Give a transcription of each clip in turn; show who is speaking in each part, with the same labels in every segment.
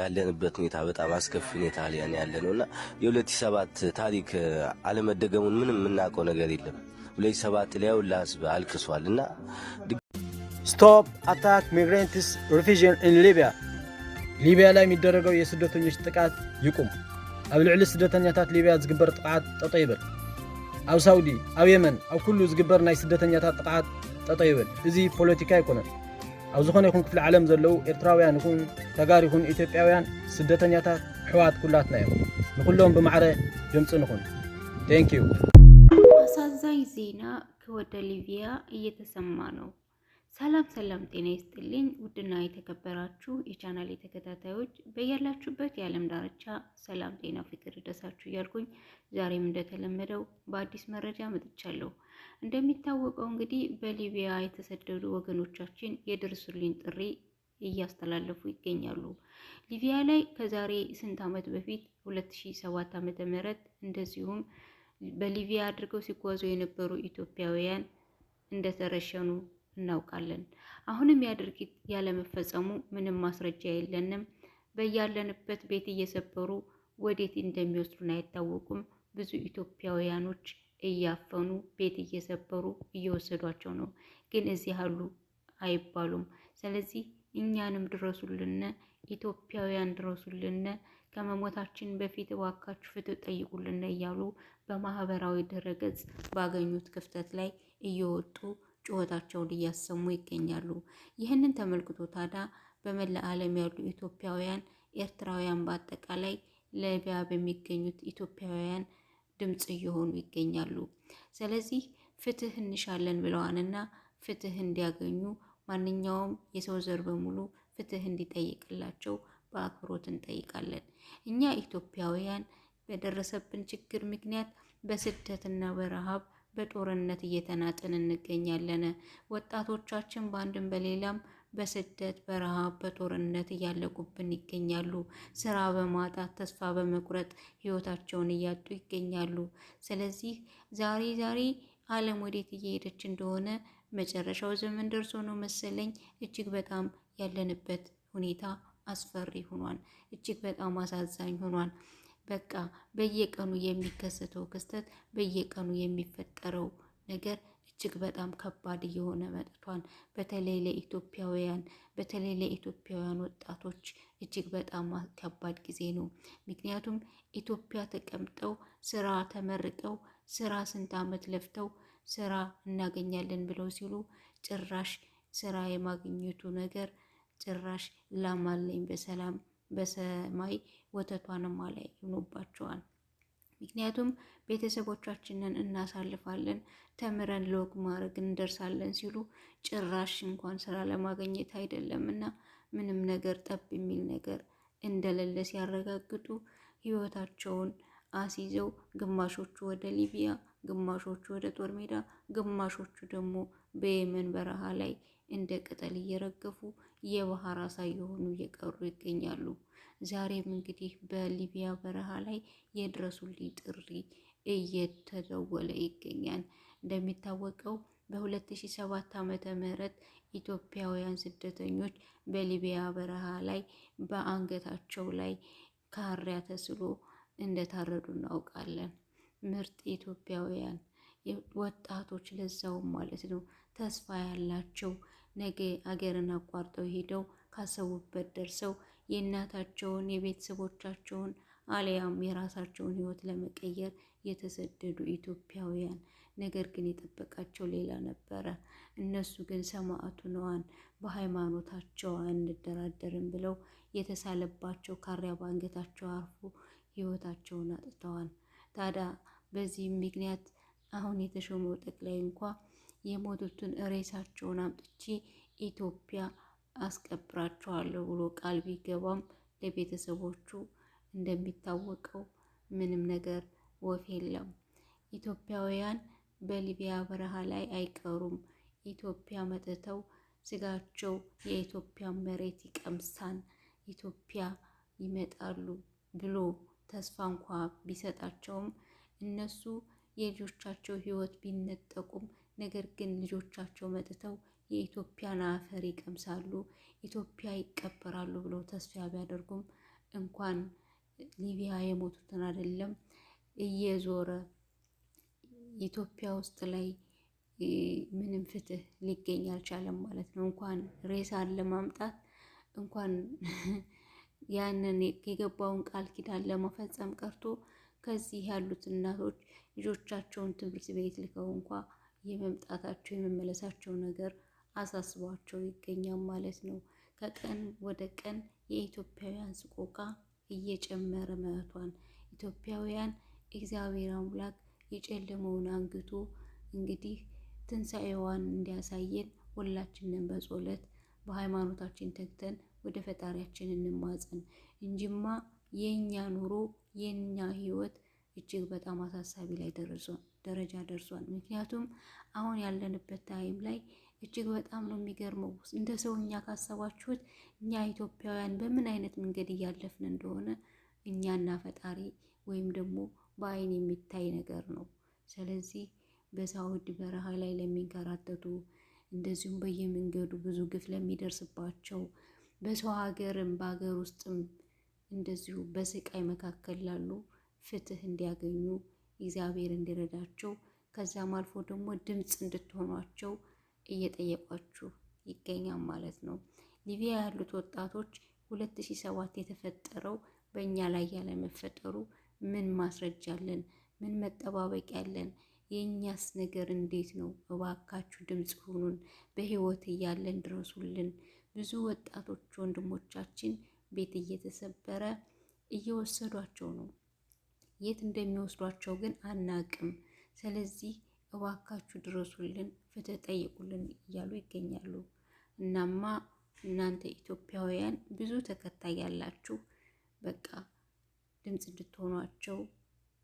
Speaker 1: ያለንበት ሁኔታ በጣም አስከፊ ሁኔታ ላይ ያለ ነው እና የሁለት ሺህ ሰባት ታሪክ አለመደገሙን ምንም የምናውቀው ነገር የለም። ሁለት ሺህ ሰባት ላይ ሁላ ህዝብ አልቅሷል እና
Speaker 2: ስቶፕ አታክ ሚግራንትስ ሪፊውጂን ኢን ሊቢያ ሊቢያ ላይ የሚደረገው የስደተኞች ጥቃት ይቁም። ኣብ ልዕሊ ስደተኛታት ሊቢያ ዝግበር ጥቃት ጠጠ ይበል። ኣብ ሳውዲ፣ ኣብ የመን፣ ኣብ ኩሉ ዝግበር ናይ ስደተኛታት ጥቃት ጠጠ ይበል። እዚ ፖለቲካ ኣይኮነን ኣብ ዝኾነ ይኹን ክፍሊ ዓለም ዘለዉ ኤርትራውያን ይኹን ተጋር ይኹን ኢትዮጵያውያን ስደተኛታት ሕዋት ኩላትና እዮም ንኩሎም ብማዕረ ድምፂ ንኹን
Speaker 3: ዩ አሳዛኝ ዜና ከወደ ሊቢያ እየተሰማ ነው። ሰላም ሰላም፣ ጤና ይስጥልኝ ውድና የተከበራችሁ የቻናል የተከታታዮች በያላችሁበት የዓለም ዳርቻ ሰላም፣ ጤና፣ ፍቅር ይድረሳችሁ እያልኩኝ ዛሬም እንደተለመደው በአዲስ መረጃ መጥቻለሁ። እንደሚታወቀው እንግዲህ በሊቢያ የተሰደዱ ወገኖቻችን የድርሱልኝ ጥሪ እያስተላለፉ ይገኛሉ። ሊቢያ ላይ ከዛሬ ስንት ዓመት በፊት 2007 ዓመተ ምህረት እንደዚሁም በሊቢያ አድርገው ሲጓዙ የነበሩ ኢትዮጵያውያን እንደተረሸኑ እናውቃለን። አሁንም ያ ድርጊት ያለመፈጸሙ ምንም ማስረጃ የለንም። በያለንበት ቤት እየሰበሩ ወዴት እንደሚወስዱን አይታወቁም። ብዙ ኢትዮጵያውያኖች እያፈኑ ቤት እየሰበሩ እየወሰዷቸው ነው። ግን እዚህ አሉ አይባሉም። ስለዚህ እኛንም ድረሱልን፣ ኢትዮጵያውያን ድረሱልን፣ ከመሞታችን በፊት እባካችሁ ፍትህ ጠይቁልን እያሉ በማህበራዊ ድረገጽ ባገኙት ክፍተት ላይ እየወጡ ጩኸታቸውን እያሰሙ ይገኛሉ። ይህንን ተመልክቶ ታዲያ በመላ ዓለም ያሉ ኢትዮጵያውያን ኤርትራውያን፣ በአጠቃላይ ለሊቢያ በሚገኙት ኢትዮጵያውያን ድምፅ እየሆኑ ይገኛሉ። ስለዚህ ፍትህ እንሻለን ብለዋንና ፍትህ እንዲያገኙ ማንኛውም የሰው ዘር በሙሉ ፍትህ እንዲጠይቅላቸው በአክብሮት እንጠይቃለን። እኛ ኢትዮጵያውያን በደረሰብን ችግር ምክንያት በስደትና በረሃብ በጦርነት እየተናጥን እንገኛለን። ወጣቶቻችን በአንድም በሌላም በስደት በረሃብ በጦርነት እያለቁብን ይገኛሉ። ስራ በማጣት ተስፋ በመቁረጥ ህይወታቸውን እያጡ ይገኛሉ። ስለዚህ ዛሬ ዛሬ ዓለም ወዴት እየሄደች እንደሆነ መጨረሻው ዘመን ደርሶ ነው መሰለኝ እጅግ በጣም ያለንበት ሁኔታ አስፈሪ ሆኗል። እጅግ በጣም አሳዛኝ ሆኗል። በቃ በየቀኑ የሚከሰተው ክስተት በየቀኑ የሚፈጠረው ነገር እጅግ በጣም ከባድ እየሆነ መጥቷል። በተለይ ለኢትዮጵያውያን በተለይ ለኢትዮጵያውያን ወጣቶች እጅግ በጣም ከባድ ጊዜ ነው። ምክንያቱም ኢትዮጵያ ተቀምጠው ስራ ተመርቀው ስራ ስንት ዓመት ለፍተው ስራ እናገኛለን ብለው ሲሉ ጭራሽ ስራ የማግኘቱ ነገር ጭራሽ ላማለኝ በሰላም በሰማይ ወተቷንም አላይ ሆኖባቸዋል። ምክንያቱም ቤተሰቦቻችንን እናሳልፋለን፣ ተምረን ሎግ ማድረግ እንደርሳለን ሲሉ ጭራሽ እንኳን ስራ ለማግኘት አይደለም እና ምንም ነገር ጠብ የሚል ነገር እንደሌለ ሲያረጋግጡ ህይወታቸውን አስይዘው ግማሾቹ ወደ ሊቢያ ግማሾቹ ወደ ጦር ሜዳ፣ ግማሾቹ ደግሞ በየመን በረሃ ላይ እንደ ቅጠል እየረገፉ የባህር አሳ የሆኑ እየቀሩ ይገኛሉ። ዛሬም እንግዲህ በሊቢያ በረሃ ላይ የድረሱልኝ ጥሪ እየተደወለ ይገኛል። እንደሚታወቀው በ2007 ዓመተ ምህረት ኢትዮጵያውያን ስደተኞች በሊቢያ በረሃ ላይ በአንገታቸው ላይ ካሪያ ተስሎ እንደታረዱ እናውቃለን። ምርጥ ኢትዮጵያውያን ወጣቶች ለዛውም ማለት ነው ተስፋ ያላቸው ነገ አገርን አቋርጠው ሄደው ካሰቡበት ደርሰው የእናታቸውን የቤተሰቦቻቸውን አሊያም የራሳቸውን ህይወት ለመቀየር የተሰደዱ ኢትዮጵያውያን ነገር ግን የጠበቃቸው ሌላ ነበረ። እነሱ ግን ሰማዕቱ ነዋን በሃይማኖታቸው አንደራደርም ብለው የተሳለባቸው ካሪያ በአንገታቸው አርፎ ህይወታቸውን አጥተዋል። ታዲያ በዚህ ምክንያት አሁን የተሾመው ጠቅላይ እንኳ የሞቱትን ሬሳቸውን አምጥቼ ኢትዮጵያ አስቀብራቸዋለሁ ብሎ ቃል ቢገባም ለቤተሰቦቹ እንደሚታወቀው ምንም ነገር ወፍ የለም። ኢትዮጵያውያን በሊቢያ በረሃ ላይ አይቀሩም። ኢትዮጵያ መጥተው ስጋቸው የኢትዮጵያ መሬት ይቀምሳን ኢትዮጵያ ይመጣሉ ብሎ ተስፋ እንኳ ቢሰጣቸውም እነሱ የልጆቻቸው ህይወት ቢነጠቁም ነገር ግን ልጆቻቸው መጥተው የኢትዮጵያን አፈር ይቀምሳሉ፣ ኢትዮጵያ ይቀበራሉ ብለው ተስፋ ቢያደርጉም እንኳን ሊቢያ የሞቱትን አይደለም እየዞረ ኢትዮጵያ ውስጥ ላይ ምንም ፍትህ ሊገኝ አልቻለም ማለት ነው። እንኳን ሬሳን ለማምጣት እንኳን ያንን የገባውን ቃል ኪዳን ለመፈጸም ቀርቶ ከዚህ ያሉት እናቶች ልጆቻቸውን ትምህርት ቤት ልከው እንኳ የመምጣታቸው የመመለሳቸው ነገር አሳስቧቸው ይገኛል ማለት ነው። ከቀን ወደ ቀን የኢትዮጵያውያን ስቆቃ እየጨመረ መቷን ኢትዮጵያውያን እግዚአብሔር አምላክ የጨለመውን አንግቶ እንግዲህ ትንሣኤዋን እንዲያሳየን ሁላችንን በጾለት በሃይማኖታችን ተግተን ወደ ፈጣሪያችን እንማጸን እንጂማ የእኛ ኑሮ የእኛ ህይወት እጅግ በጣም አሳሳቢ ላይ ደረጃ ደርሷል። ምክንያቱም አሁን ያለንበት ታይም ላይ እጅግ በጣም ነው የሚገርመው። እንደ ሰው እኛ ካሰባችሁት እኛ ኢትዮጵያውያን በምን አይነት መንገድ እያለፍን እንደሆነ እኛና ፈጣሪ ወይም ደግሞ በአይን የሚታይ ነገር ነው። ስለዚህ በሳውዲ በረሃ ላይ ለሚንከራተቱ እንደዚሁም በየመንገዱ ብዙ ግፍ ለሚደርስባቸው በሰው ሀገርም በሀገር ውስጥም እንደዚሁ በስቃይ መካከል ላሉ ፍትህ እንዲያገኙ እግዚአብሔር እንዲረዳቸው ከዛም አልፎ ደግሞ ድምፅ እንድትሆኗቸው እየጠየቋችሁ ይገኛል ማለት ነው። ሊቢያ ያሉት ወጣቶች 2007 የተፈጠረው በእኛ ላይ ያለመፈጠሩ ምን ማስረጃ አለን? ምን መጠባበቂያ አለን? የእኛስ ነገር እንዴት ነው? እባካችሁ ድምፅ ሁኑን፣ በህይወት እያለን ድረሱልን። ብዙ ወጣቶች ወንድሞቻችን ቤት እየተሰበረ እየወሰዷቸው ነው። የት እንደሚወስዷቸው ግን አናቅም። ስለዚህ እባካችሁ ድረሱልን፣ ፍትህ ጠይቁልን እያሉ ይገኛሉ። እናማ እናንተ ኢትዮጵያውያን ብዙ ተከታይ ያላችሁ በቃ ድምፅ እንድትሆኗቸው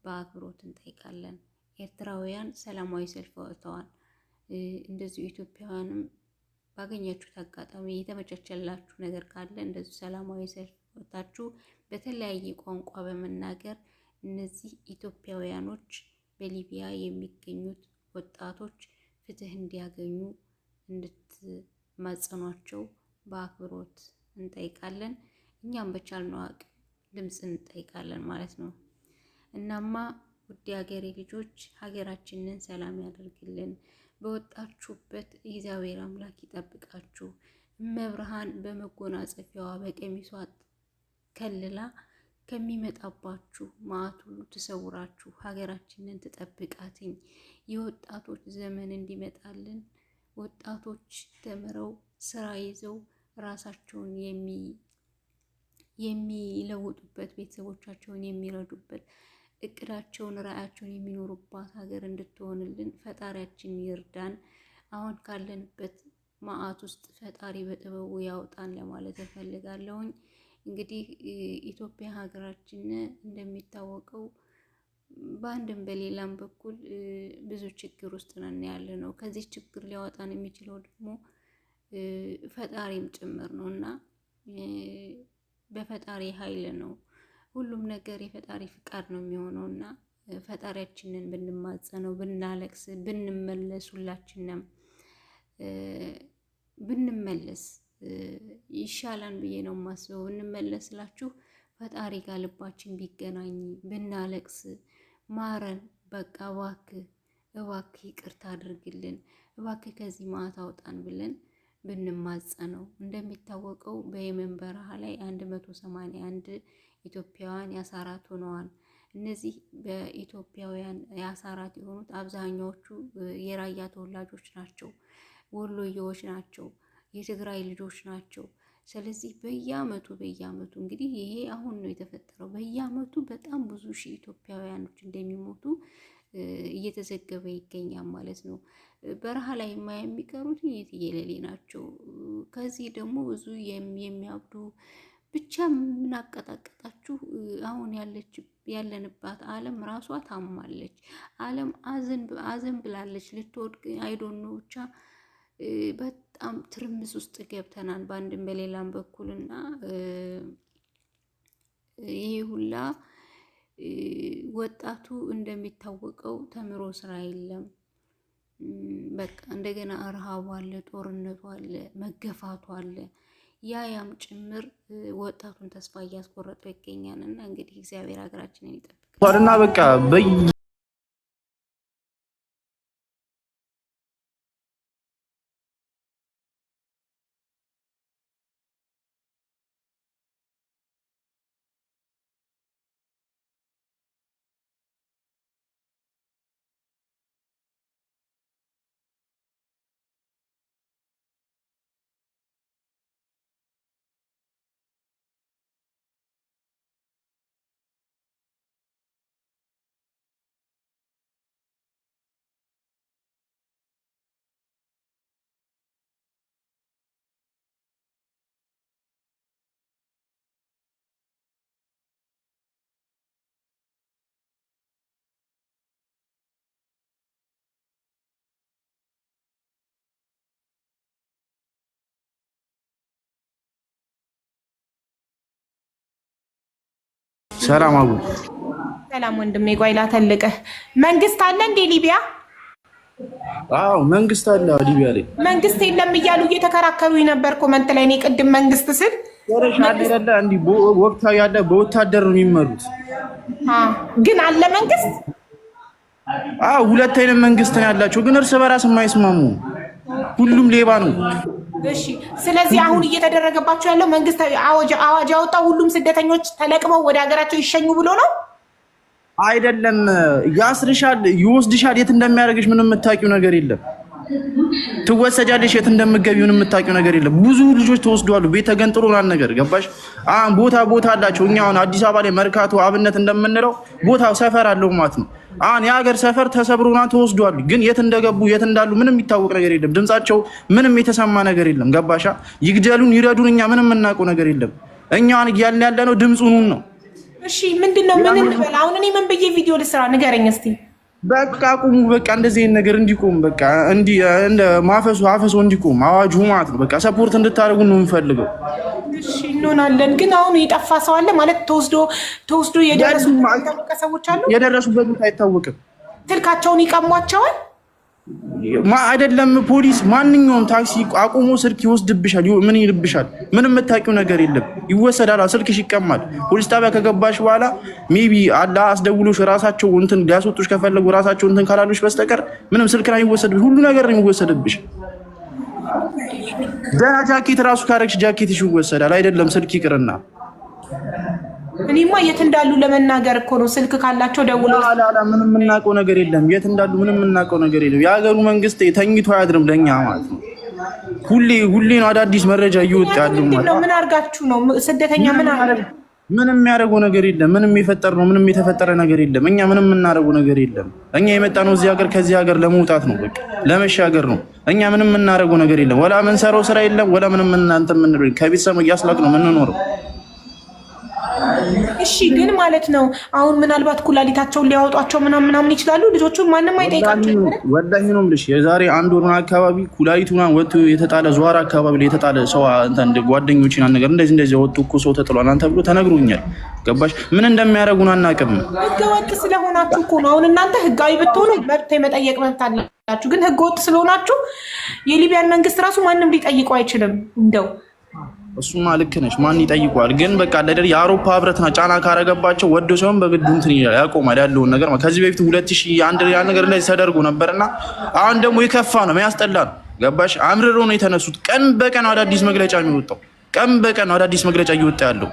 Speaker 3: በአክብሮት እንጠይቃለን። ኤርትራውያን ሰላማዊ ሰልፍ ወጥተዋል። እንደዚሁ ኢትዮጵያውያንም ባገኛችሁት አጋጣሚ የተመቻቸላችሁ ነገር ካለ እንደዚሁ ሰላማዊ ሰልፍ ወጥታችሁ በተለያየ ቋንቋ በመናገር እነዚህ ኢትዮጵያውያኖች በሊቢያ የሚገኙት ወጣቶች ፍትህ እንዲያገኙ እንድትማጸኗቸው በአክብሮት እንጠይቃለን። እኛም በቻልነው አቅም ድምፅ እንጠይቃለን ማለት ነው እናማ ውድ የሀገሬ ልጆች ሀገራችንን ሰላም ያደርግልን። በወጣችሁበት እግዚአብሔር አምላክ ይጠብቃችሁ። መብርሃን በመጎናጸፊያዋ በቀሚሷ ከልላ ከሚመጣባችሁ መዓት ሁሉ ትሰውራችሁ፣ ሀገራችንን ትጠብቃትኝ። የወጣቶች ዘመን እንዲመጣልን ወጣቶች ተምረው ስራ ይዘው ራሳቸውን የሚለውጡበት ቤተሰቦቻቸውን የሚረዱበት እቅዳቸውን ራዕያቸውን የሚኖሩባት ሀገር እንድትሆንልን ፈጣሪያችን ይርዳን። አሁን ካለንበት ማዕት ውስጥ ፈጣሪ በጥበቡ ያውጣን ለማለት እፈልጋለሁኝ። እንግዲህ ኢትዮጵያ ሀገራችን እንደሚታወቀው በአንድም በሌላም በኩል ብዙ ችግር ውስጥ ነን ያለ ነው። ከዚህ ችግር ሊያወጣን የሚችለው ደግሞ ፈጣሪም ጭምር ነው እና በፈጣሪ ኃይል ነው ሁሉም ነገር የፈጣሪ ፍቃድ ነው የሚሆነው እና ፈጣሪያችንን ብንማጸነው፣ ብናለቅስ፣ ብንመለስ ሁላችንም ብንመለስ ይሻላል ብዬ ነው የማስበው። ብንመለስላችሁ ፈጣሪ ጋር ልባችን ቢገናኝ ብናለቅስ፣ ማረን፣ በቃ እባክህ እባክህ ይቅርታ አድርግልን፣ እባክህ ከዚህ ማዕት አውጣን ብለን ብንማጸነው። እንደሚታወቀው በየመን በረሃ ላይ 181 ኢትዮጵያውያን ያሳራት ሆነዋል። እነዚህ በኢትዮጵያውያን የአሳራት የሆኑት አብዛኛዎቹ የራያ ተወላጆች ናቸው፣ ወሎዬዎች ናቸው፣ የትግራይ ልጆች ናቸው። ስለዚህ በየአመቱ በየአመቱ እንግዲህ ይሄ አሁን ነው የተፈጠረው። በየአመቱ በጣም ብዙ ሺህ ኢትዮጵያውያኖች እንደሚሞቱ እየተዘገበ ይገኛል ማለት ነው። በረሃ ላይ ማ የሚቀሩት የትየለሌ ናቸው። ከዚህ ደግሞ ብዙ የሚያብዱ ብቻ ምን አቀጣቀጣችሁ? አሁን ያለች ያለንባት ዓለም ራሷ ታማለች። ዓለም አዘን ብላለች ልትወድቅ አይዶኖ ብቻ በጣም ትርምስ ውስጥ ገብተናል በአንድም በሌላም በኩልና ይሄ ሁላ ወጣቱ እንደሚታወቀው ተምሮ ስራ የለም። በቃ እንደገና እርሃቡ አለ፣ ጦርነቱ አለ፣ መገፋቱ አለ። ያ ያም ጭምር ወጣቱን ተስፋ እያስቆረጠው ይገኛል። እና እንግዲህ እግዚአብሔር ሀገራችንን
Speaker 2: ይጠብቃልና በቃ ሰላም አቡ
Speaker 4: ሰላም ወንድሜ። ጓይላ ተልቀ መንግስት አለ እንዴ ሊቢያ?
Speaker 2: አዎ መንግስት
Speaker 4: አለ ሊቢያ ላይ። መንግስት የለም እያሉ እየተከራከሩ ነበር ኮመንት ላይ። እኔ ቅድም
Speaker 2: መንግስት ስል ወቅታዊ ያለ በወታደር ነው
Speaker 4: የሚመሩት፣ ግን አለ መንግስት።
Speaker 2: ሁለት አይነት መንግስት ነው ያላቸው፣ ግን እርስ በራስ የማይስማሙ ሁሉም ሌባ ነው።
Speaker 4: እሺ ስለዚህ አሁን እየተደረገባቸው ያለው መንግስት አዋጅ ያወጣው ሁሉም ስደተኞች ተለቅመው ወደ ሀገራቸው ይሸኙ ብሎ ነው
Speaker 2: አይደለም። ያስርሻል፣ ይወስድሻል። የት እንደሚያደርግሽ ምንም የምታውቂው ነገር የለም። ትወሰጃለሽ። የት እንደምገቢ ምንም የምታውቂው ነገር የለም። ብዙ ልጆች ተወስደዋሉ። ቤት ተገንጥሎ ምናምን ነገር ገባሽ። አሁን ቦታ ቦታ አላቸው። እኛ አሁን አዲስ አበባ ላይ መርካቶ አብነት እንደምንለው ቦታ ሰፈር አለው ማለት ነው። አሁን የሀገር ሰፈር ተሰብሮና ተወስዷል። ግን የት እንደገቡ የት እንዳሉ ምንም የሚታወቅ ነገር የለም። ድምጻቸው ምንም የተሰማ ነገር የለም። ገባሻ? ይግደሉን ይረዱን፣ እኛ ምንም የምናውቀው ነገር የለም። እኛን እያልን ያለ ነው ድምፁኑን
Speaker 4: ነው። እሺ ምንድን ነው? ምን እንበል አሁን? እኔ ምን ብዬ ቪዲዮ ልስራ? ንገረኝ
Speaker 2: እስኪ በቃ ቁሙ። በቃ እንደዚህ አይነት ነገር እንዲቆም በቃ እንዲ እንደ ማፈሱ አፈሱ እንዲቆም አዋጁ ማለት ነው። በቃ ሰፖርት እንድታደርጉ ነው የምፈልገው።
Speaker 4: እሺ እንሆናለን። ግን አሁን የጠፋ ሰው አለ ማለት ተወስዶ ተወስዶ የደረሱበት ሰዎች አሉ። የደረሱበት አይታወቅም። ስልካቸውን ይቀሟቸዋል
Speaker 2: አይደለም ፖሊስ ማንኛውም ታክሲ አቁሞ ስልክ ይወስድብሻል። ምን ይልብሻል? ምንም የምታውቂው ነገር የለም። ይወሰዳል፣ ስልክሽ ይቀማል። ፖሊስ ጣቢያ ከገባሽ በኋላ ሜቢ አላ አስደውሎሽ ራሳቸው እንትን ሊያስወጡሽ ከፈለጉ ራሳቸው እንትን ካላሉሽ በስተቀር ምንም ስልክ ይወሰድብሽ፣ ሁሉ ነገር ይወሰድብሽ። ደህና ጃኬት ራሱ ካረግሽ ጃኬትሽ ይወሰዳል። አይደለም
Speaker 4: ስልክ ይቅርና እኔማ የት እንዳሉ ለመናገር እኮ ነው። ስልክ ካላቸው
Speaker 2: ደውሎ ምንም የምናውቀው ነገር የለም። የት እንዳሉ ምንም የምናውቀው ነገር የለም። የሀገሩ መንግስት ተኝቶ አያድርም ለእኛ ማለት ነው። ሁሌ ሁሌ ነው አዳዲስ
Speaker 4: መረጃ እየወጣ ያሉ። ምን አርጋችሁ ነው ስደተኛ? ምን
Speaker 2: ምንም የሚያደርገው ነገር የለም። ምንም የፈጠር ነው ምንም የተፈጠረ ነገር የለም። እኛ ምንም የምናደርገው ነገር የለም። እኛ የመጣ ነው እዚህ ሀገር ከዚህ ሀገር ለመውጣት ነው፣ በቃ ለመሻገር ነው። እኛ ምንም የምናደርገው ነገር የለም። ወላ ምንሰራው ስራ የለም። ወላ ምንም እናንተ ምን ከቤተሰብ እያስላቅ ነው
Speaker 4: የምንኖረው እሺ ግን ማለት ነው አሁን ምናልባት ኩላሊታቸውን ሊያወጧቸው ምናምን ምናምን ይችላሉ። ልጆቹን
Speaker 2: ማንም አይጠይቃቸው። ወላሂ ነው የምልሽ የዛሬ አንድ ወር አካባቢ ኩላሊቱ ወጥቶ የተጣለ ዙዋር አካባቢ ላይ የተጣለ ሰው ጓደኞችን ነገር እንደዚህ እንደዚህ ወጡ እኮ ሰው ተጥሏል አንተ ብሎ ተነግሮኛል። ገባሽ? ምን እንደሚያደርጉን አናውቅም።
Speaker 4: ወጥ ስለሆናችሁ እኮ ነው። አሁን እናንተ ህጋዊ ብትሆኑ መብት የመጠየቅ መብት አላችሁ። ግን ህገ ወጥ ስለሆናችሁ የሊቢያን መንግስት ራሱ ማንም ሊጠይቀው አይችልም
Speaker 2: እንደው እሱማ ልክ ነች። ማን ይጠይቋል? ግን በቃ ለደር የአውሮፓ ህብረትና ጫና ካረገባቸው ወዶ ሲሆን በግድ እንትን ይላል ያቆማል ያለውን ነገር። ከዚህ በፊት ሁለት ሺህ አንድ ያ ነገር ላይ ተደርጎ ነበርና አሁን ደግሞ የከፋ ነው የሚያስጠላ ነው። ገባሽ? አምርሮ ነው የተነሱት። ቀን በቀን አዳዲስ መግለጫ የሚወጣው ቀን በቀን አዳዲስ መግለጫ እየወጣ ያለው።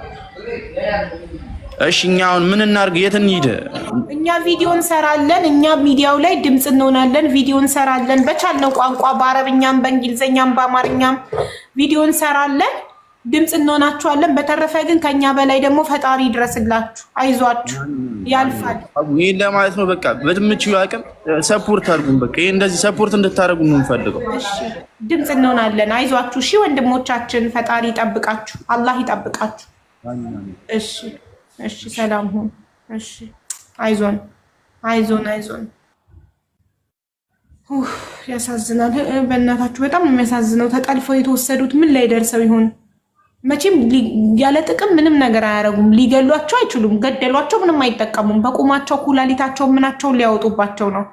Speaker 2: እሺ እኛ አሁን ምን እናርግ? የት
Speaker 4: እንሂድ? እኛ ቪዲዮ እንሰራለን። እኛ ሚዲያው ላይ ድምፅ እንሆናለን። ቪዲዮ እንሰራለን በቻልነው ቋንቋ፣ በአረብኛም፣ በእንግሊዝኛም፣ በአማርኛም ቪዲዮ እንሰራለን። ድምፅ እንሆናችኋለን። በተረፈ ግን ከኛ በላይ ደግሞ ፈጣሪ ይድረስላችሁ፣ አይዟችሁ፣
Speaker 2: ያልፋል። ይህን ለማለት ነው። በቃ በድምች አቅም ሰፖርት አድርጉን። በቃ ይህ እንደዚህ ሰፖርት እንድታደርጉ ነው የምንፈልገው።
Speaker 4: ድምፅ እንሆናለን። አይዟችሁ። እሺ ወንድሞቻችን፣ ፈጣሪ ይጠብቃችሁ፣ አላህ ይጠብቃችሁ። እሺ፣ እሺ፣ ሰላም ሁን። እሺ፣ አይዞን፣ አይዞን፣ አይዞን። ያሳዝናል። በእናታችሁ በጣም ነው የሚያሳዝነው። ተጠልፈው የተወሰዱት ምን ላይ ደርሰው ይሆን? መቼም ያለ ጥቅም ምንም ነገር አያደርጉም። ሊገሏቸው አይችሉም። ገደሏቸው ምንም አይጠቀሙም። በቁማቸው ኩላሊታቸው ምናቸው ሊያወጡባቸው ነው።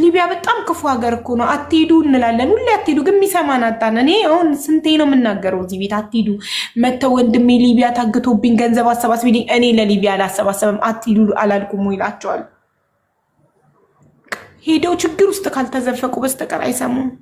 Speaker 4: ሊቢያ በጣም ክፉ ሀገር እኮ ነው። አትሄዱ እንላለን ሁሌ አትሄዱ፣ ግን የሚሰማን አጣን። እኔ አሁን ስንቴ ነው የምናገረው እዚህ ቤት አትሄዱ፣ መተው ወንድሜ ሊቢያ ታግቶብኝ ገንዘብ አሰባስብ፣ እኔ ለሊቢያ አላሰባሰብም አትሄዱ አላልኩም ይላቸዋል። ሄደው ችግር ውስጥ ካልተዘፈቁ በስተቀር አይሰሙም።